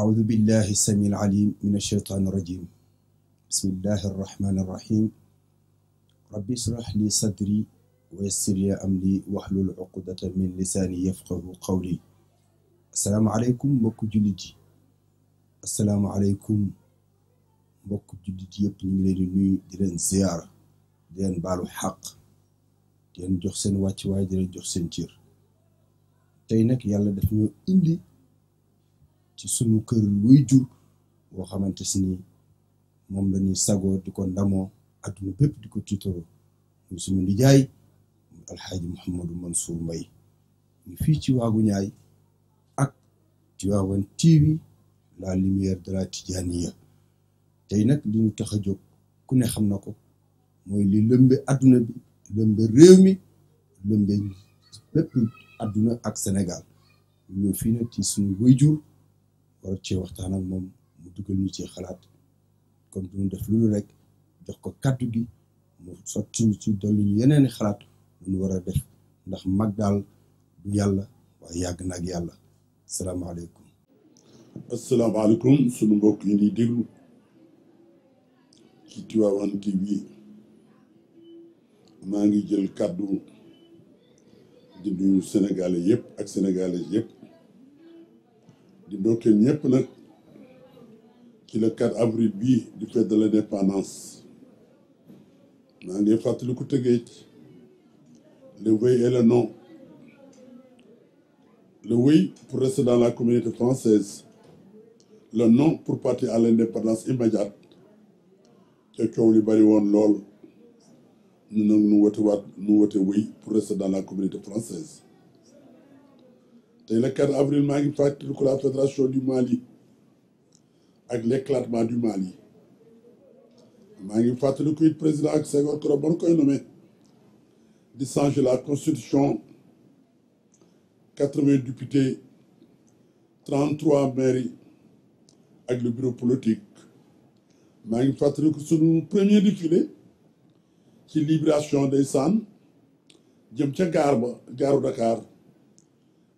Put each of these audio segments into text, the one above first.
أعوذ بالله السميع العليم من الشيطان الرجيم بسم الله الرحمن الرحيم ربي اشرح لي صدري ويسر لي أمري واحلل عقدة من لساني يفقه قولي السلام عليكم mbokk jullit yi السلام عليكم mbokk jullit yëpp ñu ngi leen di nuyu di leen ziyaar di leen baalu xaq di leen jox seen wàcc waaye di leen jox seen cër tey nag yàlla daf ñu indi ci sunu kër wuy jur boo xamante si ni moom la ñuy sagoo di ko ndamoo adduna bépp di ko tiitaroo muy sunu nijaay muy alxaaji Mouhamadou Mansour Mbaye ñu fii ci wagu ñaay ak Tivaouane TV la lumière de la tey nag li ñu tax ku ne xam na ko mooy li lëmbe adduna bi lëmbe réew mi lëmbe bépp adduna ak senegal ñu fii nag ci suñu wayjur war ci waxtaan ak moom mu dugal ñu ci xalaat kon ñu def lu rek jox ko kàddu gi mu sotti ñu ci dolli ñu yeneen xalaat lu ñu war a def ndax mag daal du yàlla waaye yàgg na ak yàlla salaamaaleykum asalaamaaleykum sunu mbokk yi ñuy déglu ci Tivaouane TV maa ngi jël kàddu di nuyu sénégalais yépp ak sénégalais yépp Donc, ndokkeel ñëpp un qui le 4 avril du fait fête de l'indépendance Je ngi fàttali de le oui et le non le oui pour rester dans la communauté française le non pour partir à l'indépendance immédiate Nous avons li bari nous oui pour rester dans la communauté française c'est le 4 avril maa fait fàttaliku la fédération du Mali avec l'éclatement du Mali maa ngi fàttaliku le président ak Senghor keroog ba nommé de changer la constitution 80 députés 33 maires avec le bureau politique maa ngi fàttaliku le premier défilé qui libération des Sannes, qui ca gaar Dakar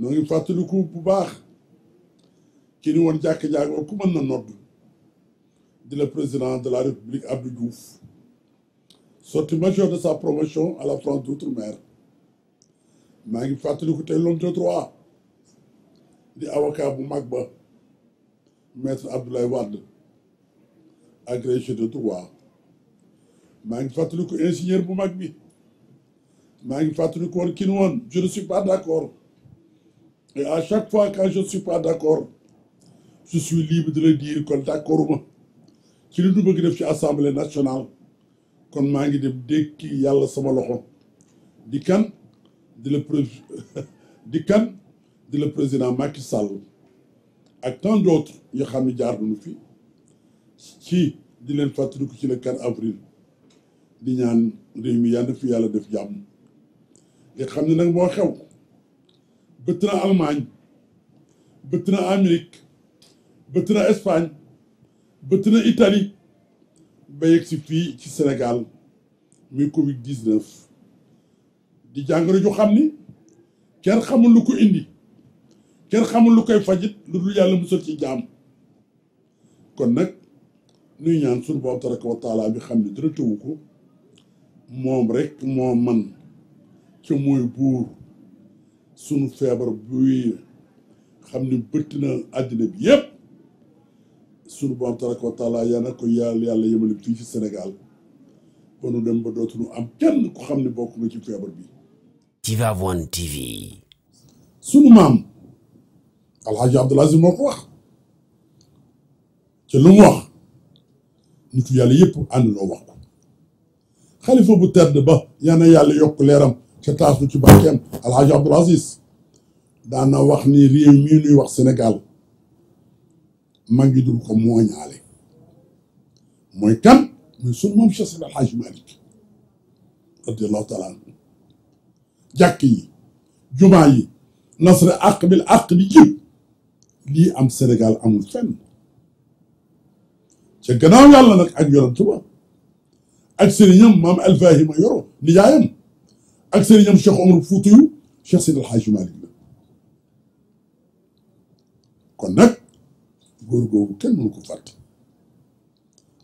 Nous avons fàttaliku bu de ki le président de la république Abdou sorti majeur de sa promotion à la France d'outre-mer Nous avons fait le coup de de avocat bu maître Abdoulaye Wad, agrégé de droit ingénieur bu Je suis je ne suis pas d'accord Et à chaque fois quand je ne suis pas d'accord je suis libre de le dire kon d'accorduma ci li ñu bëgg def ci assemblée nationale kon maa ngi dem dékki yàlla sama loxo di kan di la pré di kan di le président Macky Sall ak tant d'autres yoo xam ne jaar nañu fi ci di leen fàttaliku ci le 4 avril di ñaan réew mi yàlla fi yàlla def jàmm nga xam ni nag moo xew. bëtt na Allemagne bëtt na Amérique bëtt na Espagne bëtt Italie ba yegg si ci Senegal, muy Covid 19 di jàngoro Jo Hamni, ni kenn xamul lu ko indi kenn xamul lu koy fajit lu dul yàlla musal ci jaam kon nag nuy ñaan suñu borom tabaraka wa taala bi xam dara tëwu rek man sunu feebar buy xam ni bëtt na àddina bi yëpp sunu borom tabaraka wa yaa na ko yàlla yàlla yemale fii ci senegal ba nu dem ba dootuñu am kenn ku xam ne bokk nga ci feebar bi. Tivaouane sunu maam Alhaji Abdoul Aziz moo ko wax te lu mu wax nitu yàlla yëpp ànd loo wax ko xalifa bu tedd ba yaa na yàlla yokk leeram. ca taas lu ci barkeem alhaji abdul aziz daana wax ni réew mii wax sénégal mag ngi dul ko mooñaale mooy kan muy sun moom Cheikh Seydi alhaji malik radiallahu taala anhu jàkk yi jumaa yi nasre àq bil àq bi jib lii am sénégal amul fenn ca gannaaw yàlla nag ak yonantu ba ak sëriñam maam alfahima yoro nijaayam ak sëriñam Cheikh Omar Foutiyou Cheikh Seydi El Hadji Malick la kon nag góor googu kenn mënu ko fàtte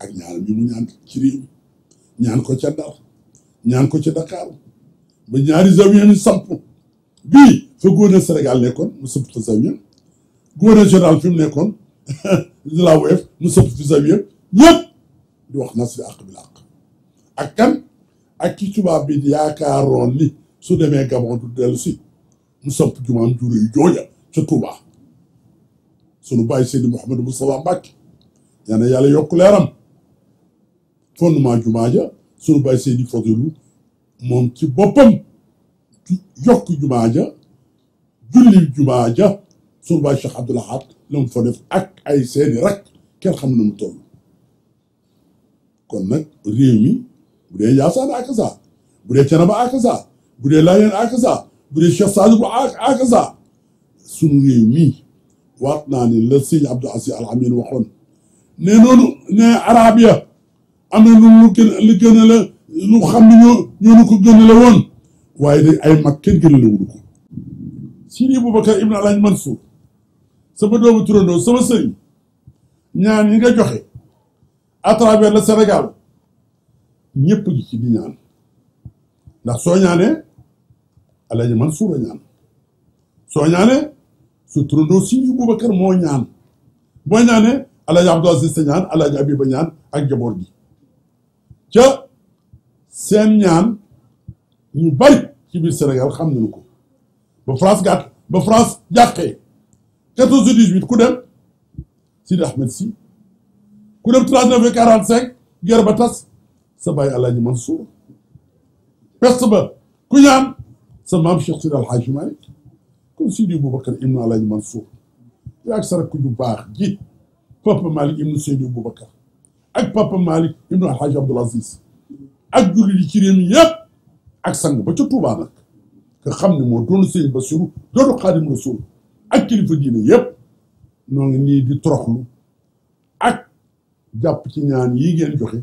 ak ñaanam yi ñaan ci réew ñaan ko ca Ndar ñaan ko ci Dakar ba ñaari zawiya mi samp bii góor gouverneur Sénégal nekkoon mu sëpp fa zawiya gouverneur national fi mu nekkoon de la UF mu sëpp fi zawiya di wax nas bi àq bi la ak kan ak ki tubaab bi yaakaaroon li su demee Gabon du dellu si mu samp jumaam jure yu jooja ca Touba sunu bàyyi Seydi Mouhamadou Moustapha Mbacke yaa ne yàlla yokk leeram fondement jumaa ja sunu bàyyi Seydi Fadilu moom ci boppam yokk jumaa ja julli jumaa ja sunu bàyyi Cheikh Abdoul Ahad la mu fa ak ay seeni rek kenn xam na mu toll kon nag bu dee Njaasaan ak sa bu dee Canaba ak sa bu dee Layeen ak sa bu dee Cheikh Saadu bu ak mi waat naa ne la sëñ Abdou Aziz Al Amin waxoon ne noonu ne arab am na lu lu gën la xam ne ñoo ñoo ko la woon waaye nag ay mag kenn gën a la wut ko. Ibn Alhaji Mansour sama doomu turandoo sama sëriñ ñaan yi nga joxe à travers le Sénégal. ñëpp gi ci di ñaan ndax soo ñaanee Alaaji Mansuur a ñaan soo ñaanee su turandoo si Boubacar moo ñaan boo ñaanee Alaaji Abdou Aziz sa ñaan Alaaji Abiba ñaan ak jaboot gi ca seen ñaan ñu bari ci biir Sénégal xam nañu ko ba France gàtt ba France jàqee quatorze dix-huit ku dem Sidi Ahmed si ku dem trente quarante-cinq guerre ba tas sa Alaaji Mansuur peste ba ku ñaan sa maam Cheikh Sidi Alhaaji Malick kon Sidi Boubacar ibnu Alaaji Mansuur yaa ak sa ju baax ji papa Malick ibnu Seydi Boubacar ak papa Malick ibnu Alhaaji Abdoul Aziz ak jullit yi ci réew mi ak sang ba ca Tuubaa nag nga xam ne moo doonu Sëriñ Basiru doonu Xaadim Rasuul ak kilifa diine yëpp noo ngi nii di toroxlu ak jàpp ci ñaan yi ngeen joxe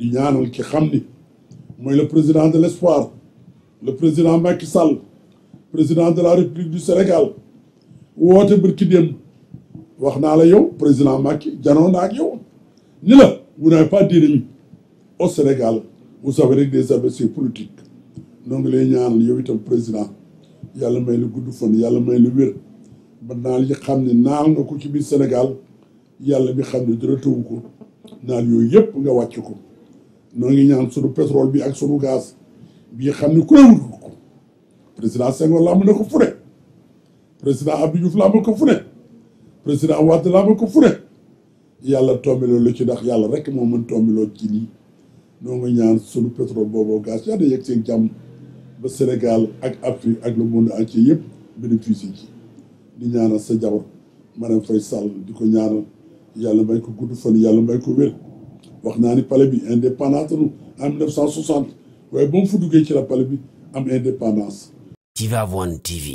di ñaanal ki xam ni mooy le président de l'espoir le président Macky sal président de la République du Sénégal woote bërki démb wax naa la yow président Macky janoon naa ak yow ni la vous n'avez pas d'ennemis au Sénégal vous avez rek des adversaires politiques noo ngi lay ñaanal yow itam président yàlla may lu gudd fan yàlla may lu wér ba naal yi xam ne naal nga ko ci biir Sénégal yàlla bi xam ne dara tëwu ko naal yooyu yëpp nga wàcc ko noo ngi ñaan sunu pétrole bi ak sunu gaz bii xam ni kuréewul ko président Senghor làmb na ko fu ne président Abdou Diouf làmb ko fu ne président Wade làmb ko fu yàlla tombeloo lu ci ndax yàlla rek moo mën tombeloo ci nii noo ngi ñaan sunu pétrole boobu gaz yàlla yegg seen jàmm ba Sénégal ak Afrique ak le monde entier yëpp bénéfice ci di ñaanal sa jabar Marième Faye Sall di ko ñaanal yàlla may ko gudd fan yàlla may ko wér wax naa ni palais bi indépendance nu en 1960 waaye ba mu fu duggee ci la palais bi am indépendance. Tivaouane TV.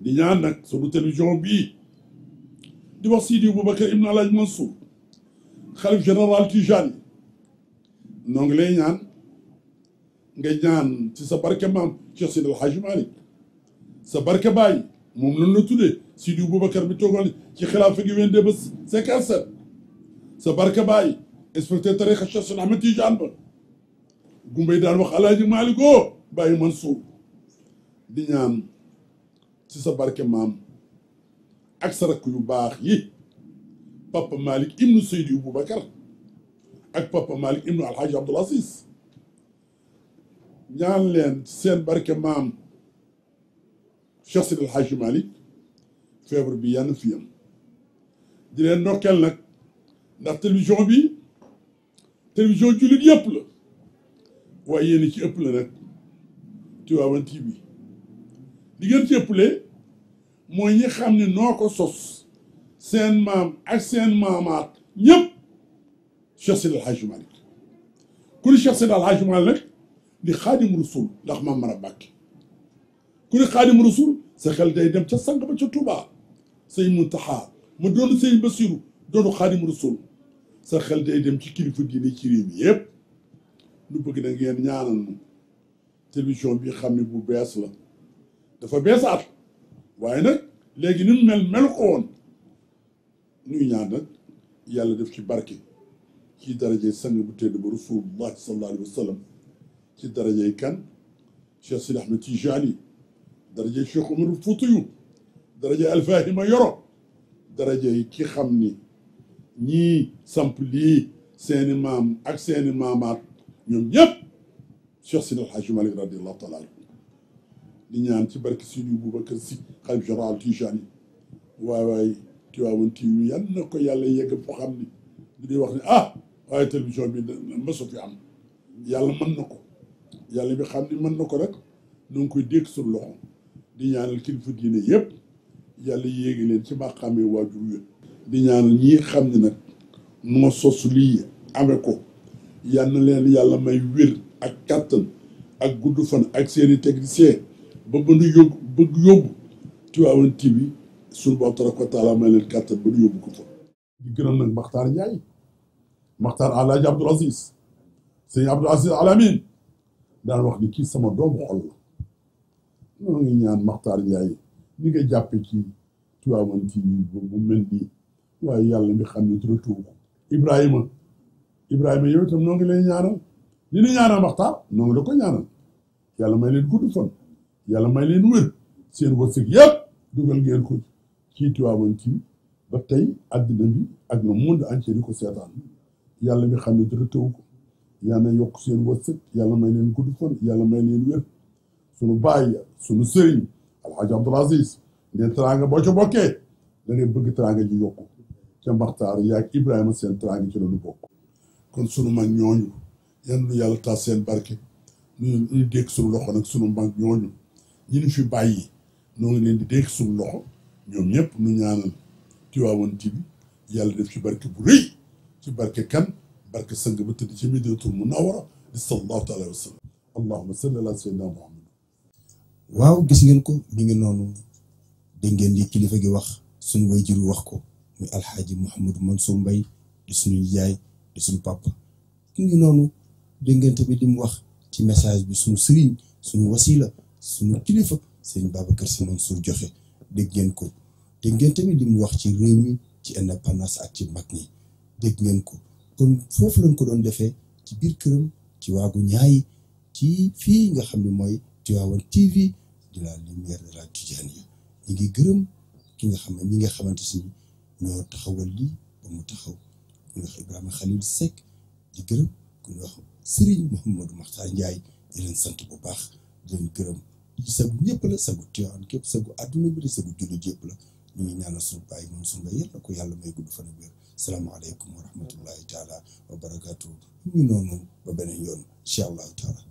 di ñaan nag sunu télévision bii di wax Sidi Boubacar Ibn Alhaj Mansour xalif général Tijani noo ngi lay ñaan nga ñaan ci sa barke maam Cheikh Sidi Alhaj Malick sa barke baay moom lañ la tuddee Sidi Boubacar bi toogal ci xilaafa gi wénde ba 57. sabarka baay isfurtay taariikha sheekh sun axmed tiijaanba gumbay daan wax alaaji maalig oo baay mansuur di ñaan ci sa barke maam ak sa rakk yu baax yi papa malik ibnu seydi boubacar ak papa malik ibnu alxaaji abdul asis ñaan leen ci seen barke maam cheikh sidi alxaaji malik feebar bi yann fi yam di leen ndokkeel nag la télévision bi télévision julit yep la waaye yéen ci ëpp la ci wa Tivaouane TV li gën ci lé moy ñi xamni noko sos sen mam ak sen mamat ñep Cheikh Seydi El Hadji Malick ku ni Cheikh Seydi El Hadji di xaadim rasul ndax mam mara bakki ku ni xaadim rasul sa xel day dem ci sang ba ci Touba sey muntaha mu doon sey basirou doonu xaadim rasul sa xel day dem ci kilifa diine ci réew mi yëpp lu bëgg na ngeen ñaanal nu télévision bi xam ne bu bees la dafa beesaat waaye nag léegi ni mel melu ko woon nuy ñaan nag yàlla def ci barke ci daraje sang bu tedd ba rasulullah sallallahu alayhi wa sallam ci darajey kan cheikh Sidi Ahmed Tijani darajey cheikh Omar Foutiyou daraje alfahima yoro darajey ki xam ni ñii samp lii seeni maam ak seeni maamaat ñoom ñëpp Cheikh Sidi El Hadj Malick radiallahu taala anhu di ñaan ci barke Sidi Boubacar Si xalif général Tijani waay waay Tiwaawan TV yan na ko yàlla yegg foo xam ni di wax ne ah waaye télévision bi mësu fi am yàlla mën na ko yàlla bi xam ni mën na ko rek nu ngi koy dégg suñu loxo di ñaanal kilifa diine yëpp yàlla yéegi leen ci maqaame waajur yëpp di ñaan ñi xam ne nag moo sos lii ame ko yal na leen yàlla may wér ak kàttan ak gudd fan ak seeni technicien ba ba nu yóbbu bëgg yóbbu Tivaouane TV suñu borom tabaaraka wa taala may leen kàttan ba nu yóbbu ko fa di gërëm nag Makhtar Ndiaye Makhtar Alaaji Abdoul Aziz sëñ Abdoul Aziz Alamine daan wax ni sama doomu xol ñaan Makhtar Ndiaye ni bu mel nii waaye yàlla mi xam ne dara tuubu Ibrahima Ibrahima yow itam noo ngi lay ñaanal li ñu ñaanal waxtaan noo ko ñaanal yàlla may leen gudd fan yàlla may leen wér seen wërsëg yëpp dugal ngeen ko ci Tiwaawan ci ba tey àddina bi ak le monde entier ko seetaan yàlla mi xam ne dara tëw ko yàlla yokk seen wërsëg yàlla may leen gudd fan yàlla may leen wér sunu baay sunu sëriñ Alhaji Abdul Aziz ne teraanga boo ca bokkee da ngay bëgg teraanga ji yokku ca mbaxtaar yaag ibrahima seen teraanga ci loolu bokk kon sunu mag ñooñu yàlla taas seen barke ñu ñu dékk suñu loxo nag ñi fi bàyyi noo ngi leen di su suñu loxo ñoom ñëpp nu ñaanal Tiwaawan TV bi yàlla def ci barke bu rëy ci barke kan barke sang ba tëdd ci Madinatul Munawwara di sallallahu alayhi wa sallam allahumma salli ala sayyidina muhammad waaw gis ngeen ko mi ngi noonu dégg ngeen li kilifa gi wax suñu way jiru wax ko muy alxaaji Mouhamadou Mansour Mbaye di suñu yaay di suñu papa ki ngi noonu déggante bi di mu wax ci message bi suñu sëriñ suñu wasila suñu kilifa sëriñ Babacar Sy Mansour joxe dégg ngeen ko dégg ngeen tamit li mu wax ci réew mi ci indépendance ak ci mag ñi dégg ngeen ko kon foofu lañ ko doon defee ci biir këram ci waagu ñaayi ci fii nga xam ne mooy Tivaouane TV de la lumière de la Tidiane yi ñu ngi gërëm ki nga xam ne ñi nga xamante suñu ñoo taxawal lii ba mu taxaw ku wax Ibrahima Khalil Seck di gërëm ku wax Serigne Mouhamadou Makhtar Ndiaye di leen sant bu baax di leen gërëm sagu ñëpp la sagu Tiwaawan képp sagu àdduna bi di sagu jullit yëpp la ñu ngi ñaanal suñu bàyyi moom suñu mbay yàlla ko yàlla may gudd fan ak wér salaamaaleykum wa rahmatullahi taala wa barakaatu ñu noonu ba beneen yoon incha allahu taala